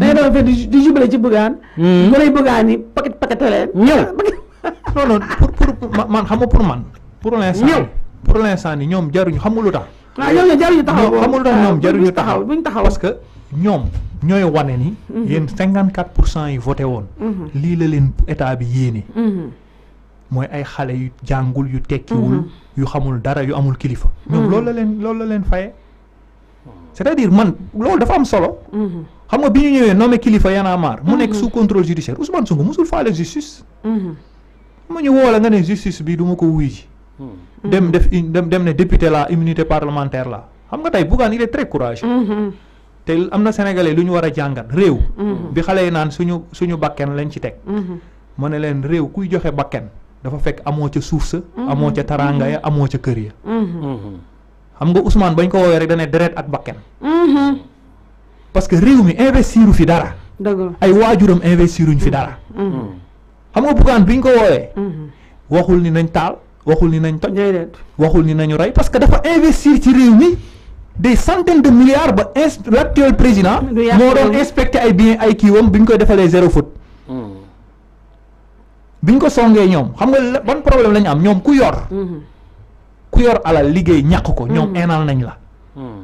day doon fee di jubale ci bëggaan paket-paket bëggaan Nyom. paquet paquet non non pour pour man xam nga pour man pour l'instant ñëw pour l'instant ni ñoom jaruñu xamul lu tax waaw ñoom jaruñu taxaw xamul tax ñoom jaruñu taxaw buñ taxaw parce que ñoom ñooy wane ni mhm. yéen cinquante quatre pour cent yi voté woon mhm. lii la leen état bi yéene mhm. mooy ay xale yu jàngul yu tekkiwul yu xamul dara yu amul kilifa ñoom loolu la leen loolu la leen faye c'est-à-dire man dafa am solo xam nga bi ñu ñëwee nommé kilifa yana mar mu mhm. nekk sous contrôle judiciaire Ousmane Sonko musul faale justice mhm. mu ñu woo nga ne justice bi du ma ko wuy ji hmm. dem mhm. def dem dem ne député la immunité parlementaire la xam nga tey Bougane il est très courageux te am na sénégalais lu ñu war a jàngat réew bi xale yi naan suñu suñu bakken lañ ci teg ma ne leen réew kuy joxe bakken dafa fekk amoo ca suuf sa amoo ca taranga ya amoo ca kër ya xam nga Ousmane bañ ko woowee rek dane deret ak bakken parce que réew mi u fi dara. ay waajuram investiruñ fi dara. Mm-hmm. Mm-hmm. xam nga Bougane bi ñu ko woowee. Mm-hmm. waxul ni nañ taal waxul ni nañ toj. waxul ni nañu rey parce que dafa investir ci réew mi de centaines de milliards ba in l'actuel président. moo doon inspecté ay biens ay kiiwam bi ñu koy defalee zéro faute. Mm. bi ñu ko songee ñoom xam nga ban problème la ñu am ñoom ku yor. ku yor alal liggéey ñàkk ko ñoom eenal nañ la.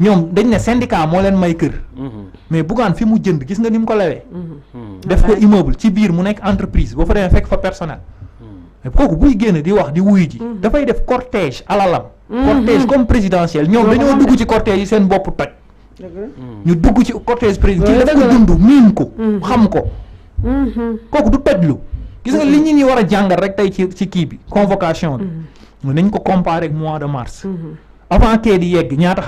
ñoom dañ ne syndicat moo leen may kër. Mhm. mais Bougane fi mu jënd gis nga ni mu ko lewee. Mhm. Mhm. def ko immeuble ci biir mu nekk entreprise boo fa demee fekk fa personnel. mais kooku buy génn di wax di wuyu ji. dafay def cortège alalam. cortège comme présidentiel ñoom dañoo dugg ci cortège yi seen bopp toj. ñu dugg ci cortège présidentiel ki dafa dund miin ko. xam ko. kooku du tojlu. gis nga li ñu ñi war a jàngal rek tey ci ci kii bi convocation bi. nañ ko comparer ak mois de mars. avant di yegg ñaata.